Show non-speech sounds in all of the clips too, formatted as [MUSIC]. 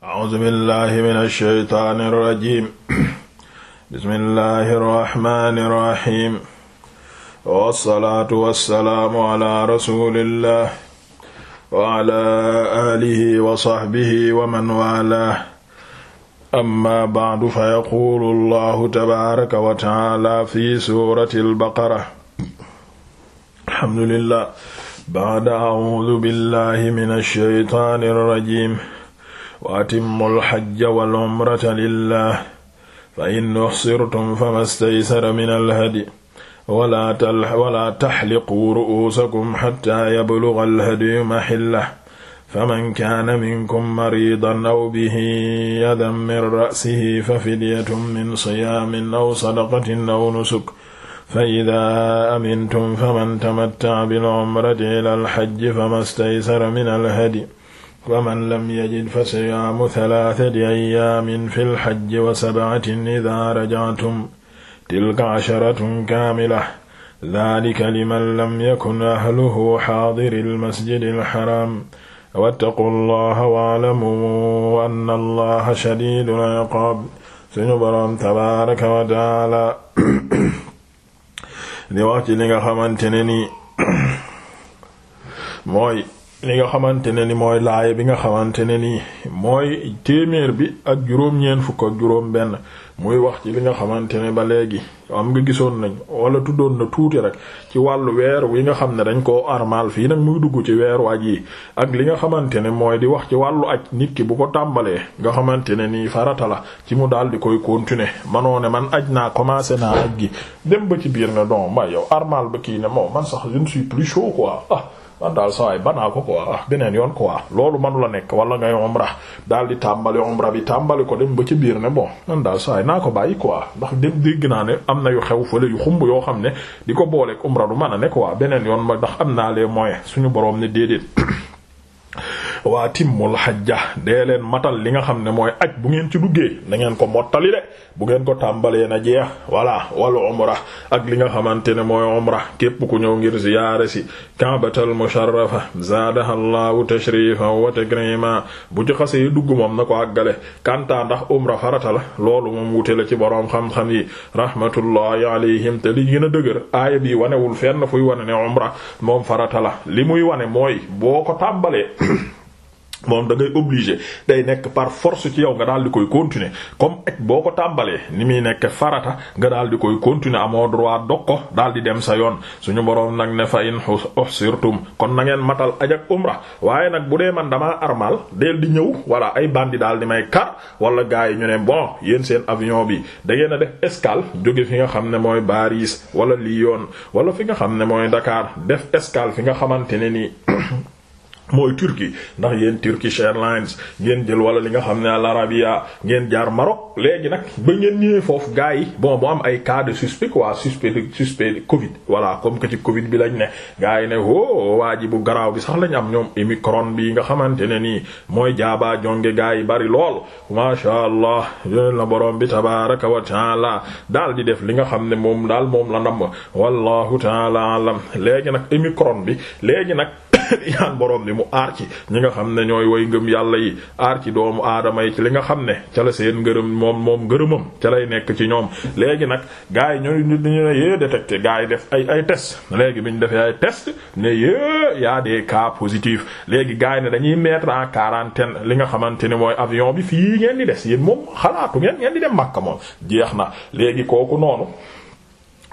a'uuzu billahi min alsheytaani irrajim bismillahi irrahmani irrahim wassalaatu wassalaamu ala rasulillah wa ala alihi wa saxbihi wa man waalaah amma ba'du fa yaquulu allahu tabaaraka wa taala fi suurati albaqara alhamdulillah ba'da a'uuzu billahi min alsheytaani irrajim wa atimmu alxajja wal umrata lillah fa in uxsirtum famastaysara min alhadi wala taxliquu ru'uusakum xatta yabluga alhadiyu maxillah faman kaana minkum maridan aw bihi adan min ra'sihi fa fidyatun min siyaamin aw sadaqatin aw nusuk fa idaa amintum faman tamattaca bil cumrati ilal xajji famastaysara min alhadi waman lam yajid fa siyaamu talaatati ayaamin fi lxajji wa sabcatin idaa rajactum tilka casharatun kaamila dalika liman lam yakun ahluhu xaadiri almasjidi alxaram wattaqu allaha waalamu anna allaha shadiidul ciqaab suñu boroom tabaaraka wa taala di wax ci li nga xamante ne nii mooy li nga xamante ne ni mooy laaya bi nga xamante ne ni mooy téeméer bi ak juróom-ñeent fukk ak juróom-benn muy wax ci li nga xamante ne ba léegi am nga gisoon nañ wala tuddoon na tuuti rek ci wàllu weer wi nga xam ne dañ koo armal fii nag muy dugg ci weeru aj yi ak li nga xamante ne mooy di wax ci wàllu aj nit ki bu ko tàmbalee nga xamante ne nii farata la ci mu daal di koy continuer manoo ne man aj naa commencé naa aj gi dem ba ci biir ne don ma yow armal ba kii ne moom man sax man daal soo sawaay banaa ko ko ah beneen yoon quoi loolu manu la nekk wala ngay umra daal di tàmbali umra bi tàmbali ko dem ba ci biir ne bo man daal sawaay naa ko bàyyi quoi ndax dem dégg naa ne am na yu xew fële yu xumb yoo xam ne di ko booleeg umra du man a nekk quoi beneen yoon ma ndax am naa les moyens suñu boroom ne déedéet [CLEARS THROAT] waa timmul xajja dee leen matal li nga xam ne mooy aj bu ngeen ci duggee na ngeen ko mottali de bu ngeen ko tàmbalee na jeex walla wala umra ak li nga xamante ne mooy umra képp ku ñëw ngir ziyaare si kaabatal musharrafa zaadaha allahu tashrifan wa takrima bu ci xasee dugg moom na ko àggale kanta ndax umra farata la loolu moom wute la ci boroom xam-xam yi rahmatullahi alayhim te li gën a dëgër aaya bi wanewul fenn fuy wane ne umra moom farata la li muy wane mooy boo ko tàmbalee moom da ngay obligé day nekk par force ci yow nga daal di koy continuer comme ak boo ko tàmbalee ni muy nekk farata nga daal di koy continuer amoo droit dog ko daal di dem sa yoon suñu boroom nag ne fa in uhsirtum kon na ngeen matal aj ak umra waaye nag bu dee man damaa armal del di ñëw wala ay bandi daal di may kar wala gars yi ñu ne bon yéen seen avion bi da ngeen a def escale jóge fi nga xam ne mooy Paris wala Lyon wala fi nga xam ne mooy Dakar def escale fi nga xamante ne nii mooy Turquie ndax yéen Turkish Airlines ngeen jël wala li nga xam ne Al Arabia ngeen jaar Maroc léegi nag ba ngeen foofu gars yi bon bu am ay cas de suspect quoi suspect de que ci bi lañ ne gars ne oh waa ji bu garaaw bi sax lañ am ñoom Omicron bi nga xamante ne nii mooy jaabaa jonge gars yi bari lool masha Allah yéen la borom bi tabaaraka wa taala daal di def li nga xam ne moom daal moom la nam wallahu taala alam léegi nag léegi nag [COUGHS] yaan borom bi mu aar ci ñi nga xam ne ñooy way ngëm yàlla yi aar ci doomu aadama yi ci li nga xam ne ca la seen ngërëm moom moom ngërëmam ca lay nekk ci ñoom léegi nag gars yi ñooy ñu ne yee détecté gars yi def ay ay test léegi bi ñu defee ay test ne yee yaa des cas positifs léegi gars yi ne dañuy mettre en quarantaine li nga xamante ni mooy avion bi fii ngeen di des yéen moom xalaatu ngeen ngeen di dem Makka moom jeex na léegi kooku noonu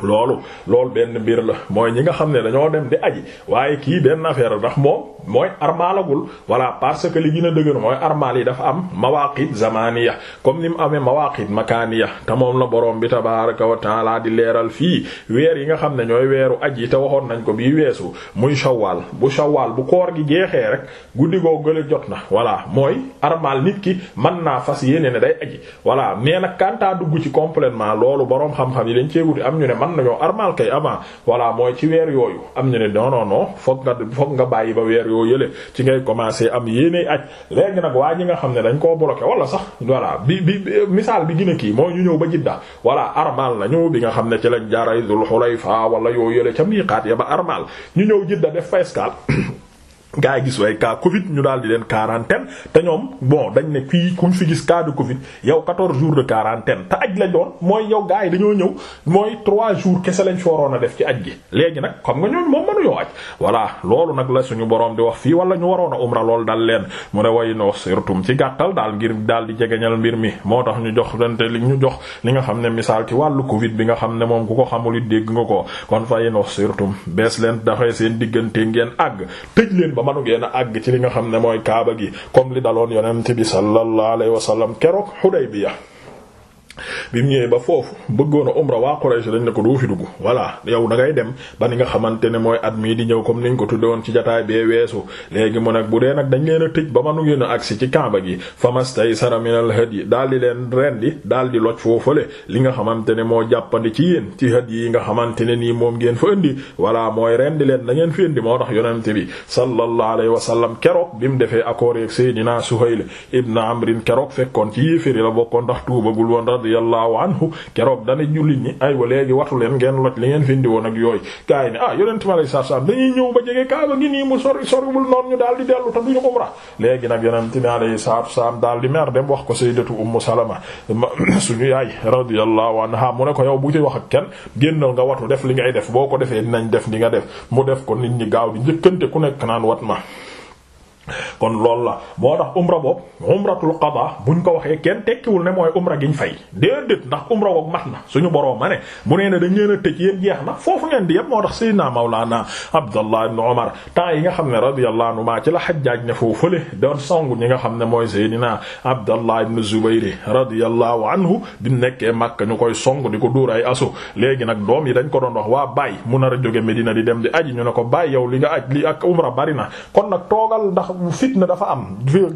loolu loolu benn mbir la mooy ñi nga xam ne dañoo dem di aji waaye kii benn affaire ndax moom mooy armalagul voilà parce que li gën a dëgër mooy armaal yi dafa am mawaqit zamaniya comme ni mu amee mawaqit makaniya te moom la boroom bi tabaraka wa laa di leeral fii weer yi nga xam ne ñooy weeru aj yi te waxoon nañ ko bii weesu muy shawwal bu shawwal bu koor gi jeexee rek guddi goo gële jot na voilà mooy armal nit ki mën naa fas yéene ne day aji voilà mais nag kantaa dugg ci complètement loolu borom xam yi dañ cee wuti am ñu ne mën nañoo armal kay avant voilà mooy ci weer yooyu am ñu ne non non non fokk nga bàyyi ba weer yoo yële ci ngay commencer am yéene aj léegi nag waa ñi nga xam ne dañ koo bloqué wala sax voilà bi bi misaal bi gën kii mooy ñu ñëw ba Jidda voilà armal nañu bi nga xam ne ci lañ jaaray Dul Xulayfa wala yoo yële ca miiqaat ya ba armal ñu ñëw Jidda def fa escale gaa yi gis way Covid ñu daal di leen quarantaine te ñoom bon dañ ne fii kuñ fi gis cas de Covid yow 14 jours de quarantaine te aj la doon mooy yow gaa yi dañoo ñëw mooy 3 jours kese lañ fi waroon a def ci aj gi. léegi nag xam nga ñooñu moom mënuñoo aj voilà loolu nag la suñu borom di wax fii wala ñu waroon a umra lool dal leen mu ne way no surtout ci gàttal daal ngir daal di jegeñal mbir mi moo tax ñu jox dante li ñu jox li nga xam ne misaal ci wàllu Covid bi nga xam ne moom ku ko xamul it dégg nga ko kon fay no surtout bees leen dafay seen diggante ngeen àgg manu ngeen a àgg ci li nga xam ne mooy kaaba gi comme li daloon yonent bi sallallahu alayhi wa sallam keroog Hudaybiya bi mu ñëwee ba foofu bëggoon a umra waa Quraysh dañ ne ko doo fi dugg voilà yow da ngay dem ba ni nga xamante ne mooy at mii di ñëw comme niñ ko tudde woon ci jataay bee mu nag ba manu ngeen a di leen rendi daal di loj foofale li nga xamante ne moo jàppandi ci yéen ci hadyi yi nga xamante ne nii moom ngeen fa indi voilà mooy rendi leen da ngeen fi indi moo tax yonente bi sallallahu alayhi wa sallam keroog bi mu defee accord ak Seydina Suhayl ibn Amr keroog fekkoon ci yéeféri la bokkoon ndax tuubagul woon radiyallahu anhu keroog dana jullit ñi aywa léegi watu leen ngeen loj li ngeen findi woon ak yooyu gars yi ne ah yonent ma lay saaf saaf dañuy ñëw ba jege kaaba ngi nii mu sori soriwul noonu ñu daal di dellu te duñu umra léegi ko [CLEARS THROAT] yaay radiyallahu anha mu ne ko yow bu ci wax ak kenn génnal nga watu def li ngay def boo ko defee dinañ def ni nga def mu def ko nit ñi gaaw di njëkkante ku nekk naan wat ma kon loolu la moo tax umra boobu umratul qada buñ ko waxee kenn tekkiwul ne mooy umra giñ fay déedéet ndax umra boobu max na suñu borom ma ne bu nee ne dañ leen a tëj yéen jeex na foofu ngeen di yépp moo tax naa mawlana abdallah ibn umar temps yi nga xam ne radiyallahu anhu ma ci la xajjaaj ne foofu fële doon songu ñi nga xam ne mooy sayyidina abdallah ibn zubayr radiyallahu anhu bi nekkee Makka ñu koy songu di ko dóor asu léegi nag doom yi dañ ko doon wax waa bàyyi mu nar a jóge Medina di dem di aji ñu ne ko bàyyi yow li nga aj li ak umra bari na kon nag toogal ndax fitna dafa am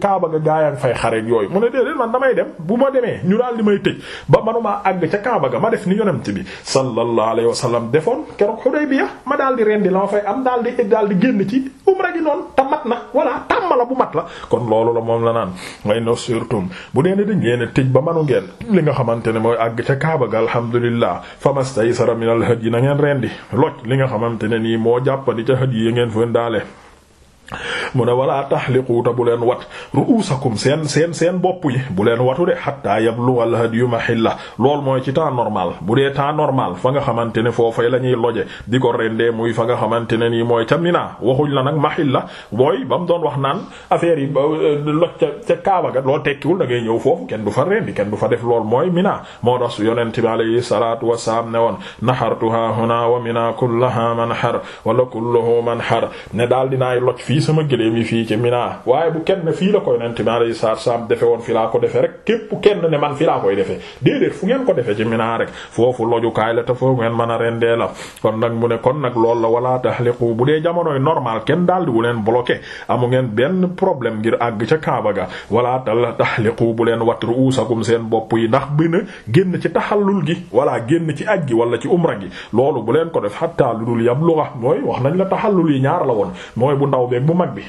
kaaba ga gaayaan fay xareet yooyu mu ne déedéet man damay dem bu ma demee ñu daal di may tëj ba manumaa àgg ca kaaba ga ma def ni yonent bi sallallahu alayhi wa sallam defoon keroog Hudaybiya ma daal di rendi la ma fay am daal di daal di génn ci umra gi noonu te mat na voilà tàmm la bu mat la kon loolu la moom la naan way no surtout bu deen dañ ngeen tëj ba manu ngeen li nga xamante ne mooy àgg ca kaaba ga alhamdulillah famastaysara min alhadyi na ngeen rendi loj li nga xamante ne nii moo jàppandi ca hëd yi ngeen fën daale mu a walaa tahliquuta bu leen wat ru'uusakum seen seen seen bopp yi bu leen watu de hatta yablu al hadyu mahilla lool mooy ci ta normal bu dee temps normal fa nga xamante ne foofay la ñuy loje di ko rendee muy fa nga xamante ne nii mooy ca Mina waxuñ la nag mahilla mooy ba mu doon wax naan affaire yi ba euh, loj ca ca Kaaba ga loolu tekkiwul da ngay ñëw foofu kenn du fa rendi kenn du fa def lool mooy Mina moo tax su yonent bi alayhi salaatu wasalaam ne woon nahartuha huna wa Mina kullaha manhar wala kulluhu manhar ne daal gëléem yi fii ci Mina waaye bu kenn fii la ko yonent bi alayhi salaatu salaam defe woon fi laa ko defe rek képp kenn ne man fi laa koy defee déedéet fu ngeen ko defe ci Mina rek foofu lojukaay la te foofu ngeen mën a rendee la kon nag mu ne kon nag loolu la wala tahliqu bu dee jamonoy normal kenn daal leen bloqué amu ngeen benn problème ngir àgg ca Kaaba ga wala tahliqu bu leen wat ruusakum seen bopp yi ndax bi na génn ci taxallul gi wala génn ci aj gi wala ci umra gi loolu bu leen ko def hatta lu dul yablugha mooy wax nañ la taxallul yi ñaar la woon mooy bu ndaw beeg bu mag bi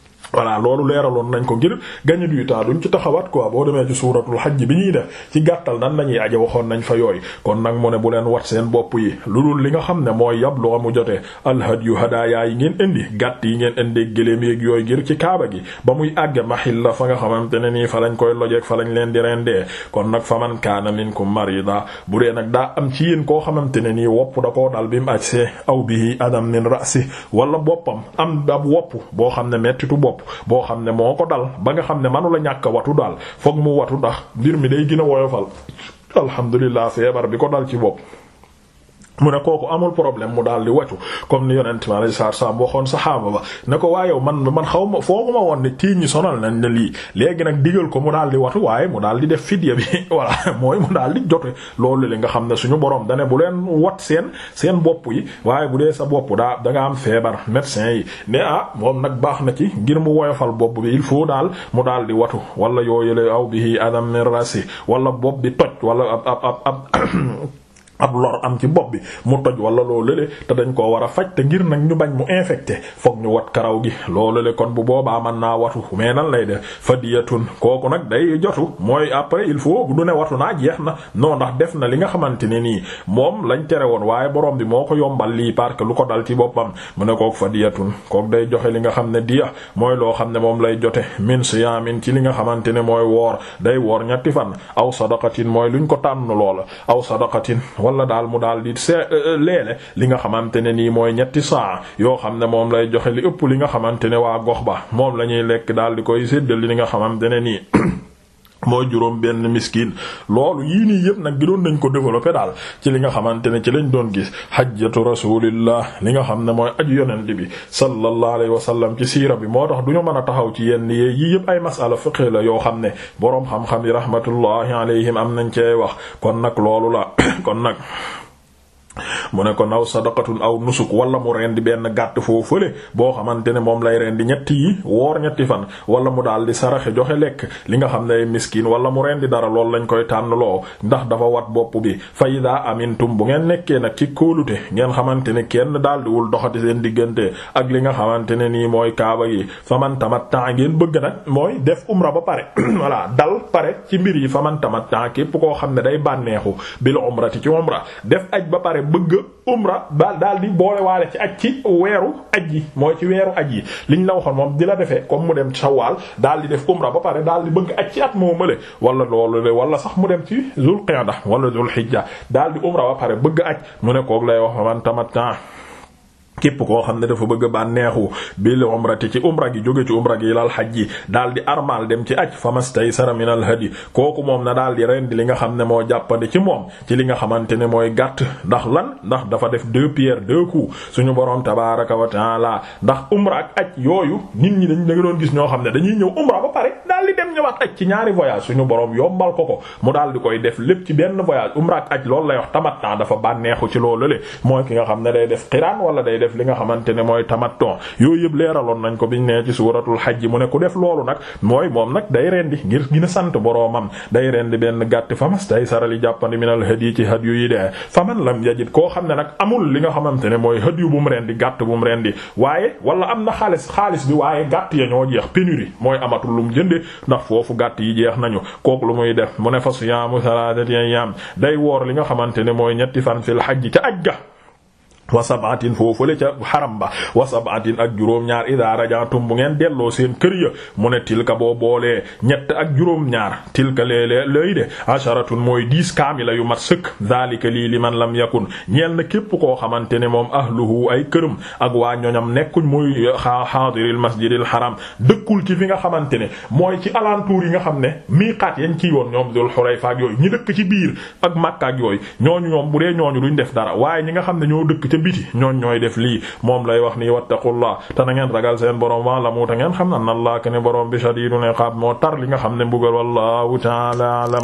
voilà loolu leeraloon nañ ko ngir gagner du temps duñ ci taxawaat quoi boo demee ci suuratul xajj bi ñuy def ci gàttal nan la ñuy aje waxoon nañ fa yooyu kon nag mu ne bu leen wat seen bopp yi lu dul li nga xam ne mooy yab lu mu jotee alhadyu hadaaya yi ngeen indi gàtt yi ngeen indi gëléem yeeg yooyu ngir ci kaaba ba muy àgg maxil la fa nga xamante ne nii fa lañ koy lojeeg fa lañ leen di kon nag fa man kaana minkum marida bu dee nag daa am ci yéen koo xamante ne nii wopp da koo dal bi mu see aw bi bihi adam min rasi wala boppam am ab wopp boo xam ne mettitu bopp boo xam ne moo ko dal ba nga xam ne manu la ñàkk watu daal foog mu watu ndax mbir mi day gën a woyofal alhamdulilah feebar bi ko dal ci bopp mu ne ko kooku amul problème mu daal di watu comme ni yonent mi alayhi salaatu salaam waxoon saxaaba ba ne ko waaye man man xaw ma foogu ma woon ne tii ñi sonal nañ ne lii léegi nag digal ko mu daal di watu waaye mu daal di def fidya bi [LAUGHS] voilà daal di jote loolu li nga xam ne suñu borom dane bu leen wat seen seen bopp yi waaye bu dee sa bopp daa da am feebar médecin yi ne ah moom nag baax na ci ngir mu woyofal bopp bi il faut daal mu daal di watu wala yooyule aw bihi adam min rasi wala bop bi toj wala ab ab [CLEARS THROAT] ab lor am ci bopp bi mu toj wala loo lële te dañ koo war a faj te ngir nag ñu bañ mu infecté foog ñu wat karaw gi loolu le kon bu boobaa mën naa watu mais nan lay def fadiyatun kooku nag day jotu mooy après il faut du ne watu naa jeex na non ndax def na li nga xamante ne nii moom lañ tere woon waaye borom bi moo ko yombal lii parce que lu ko dal ci boppam mu ne kook fadiyatun kook day joxe li nga xam ne diya mooy loo xam ne moom lay jote min siyaamin ci li nga xamante ne mooy woor day woor ñetti fan aw sadaqatin mooy luñ ko tànn loola aw sadaqatin wala daal mu daal di se euh, euh, leele li nga xamante ne nii mooy ñetti saa yoo xam ne moom lay joxe li ëpp li nga xamante ne waa gox ba moom la ñuy lekk daal di koy séddal li nga xamante ne nii mooy juróom benn miskin loolu yii nii yëpp nag gi doon nañ ko développé daal ci li nga xamante ne ci lañ doon gis hajjatu rasulillah li nga xam ne mooy aju yonent bi sallallahu alayhi wasallam ci siira bi moo tax du ñu mën a taxaw ci yenn yee yii yëpp ay masala fiqh la yoo xam ne boroom xam-xam yi rahmatullahi alayhim am nañ cee wax kon nag loolu la [COUGHS] kon nag mu ne ko naw sadaqatun aw nusuk wala mu rendi benn gàtt foofu fële boo xamante ne moom lay rendi ñetti yi woor ñetti fan wala mu daal di saraxe joxe lekk li nga xam ne miskin wala mu rendi dara loolu lañ koy tànnloo ndax dafa wat bopp bi fayda amintum bu ngeen nekkee nag ci kóolute ngeen xamante ne kenn daal diwul doxati seen diggante ak li nga xamante ne nii mooy kaaba gi faman tamatta ngeen bëgg nag mooy def umra ba pare [CLEARS THROAT] voilà dal pare ci mbir yi famantamat tamatta képp koo xam ne day bànneexu bil umrati ci umra def aj ba pare bëgg umra daal daal di boole waale ci aj ci weeru aj yi mooy ci weeru aj yi liñ la waxoon moom di la defee comme mu dem sawaal daal di def umra ba pare daal di bëgg aj ci at moo mële wala loolu le wala sax mu dem ci zul qiyada wala zul hijja daal di umra ba pare bëgg aj mu ne kook lay wax man tamat képp koo xam ne dafa bëgg bànneexu bil umrati ci umra gi jóge ci umra gi ilal xaj ji daal dem ci aj famastaysara min al hadi kooku moom na daal di li nga xam ne moo jàppandi ci moom ci li nga xamante ne mooy gàtt ndax lan ndax dafa def deux pierres deux coups suñu borom tabaraka wa taala ndax umra ak aj yooyu nit ñi dañ da doon gis ñoo xam ne dañuy ñëw umra ba pare daal di dem ñëwaat aj ci ñaari voyage suñu borom yombal ko ko mu daal di koy def lépp ci benn voyage umra ak aj loolu lay wax tamat na dafa bànneexu ci loolu li nga xamante ne mooy tamatton yooyu yëpp leeraloon nañ ko bi ñu nee ci suuratul xaj mu ne ku def loolu nag mooy moom nag day rendi ngir gën a sant boroomam day rendi benn gàtt famas tay sarali jàppandi minal hadiyi ci hadiyu yi dee faman lam yajid koo xam ne nag amul li nga xamante ne mooy hadiyu bu mu rendi gàtt bu mu rendi waaye wala am na xaalis xaalis bi waaye gàtt ya ñoo jeex pénurie mooy amatul lu mu jënde ndax foofu gàtt yi jeex nañu kook lu muy def mu ne fa siyaamu salaasati ayyaam day woor li nga xamante ne mooy ñetti fan fil hajj ca ajja wa sab'atin foofale ca xaram ba wa sab'atin ak juróom-ñaar ida rajatum bu ngeen delloo seen kër ya mu ne tilka boo boolee ñett ak juróom-ñaar tilka léeg-léeg lay de asharatun mooy dix kaamila yu mat sëkk zalika lii li man lam yakun ñeel na képp koo xamante ne moom ahluhu ay këram ak waa ñoñam nekkuñ muy xaadiril masjidil haram dëkkul ci fi nga xamante ne mooy ci alentour yi nga xam ne miiqaat yañ ci woon ñoom dul xulayfa ak yooyu ñi dëkk ci biir ak makka ak yooyu ñooñu ñoom bu dee ñooñu duñ def dara waaye ñi nga xam ne ñoo dëkk biti ñoon def lii moom lay wax nii wattaqullah te ngeen ragal seen borom wa lamu ta ngeen xam na Allah ken borom bi shadidul iqab moo tar li nga xam ne mbugal wallahu ta'ala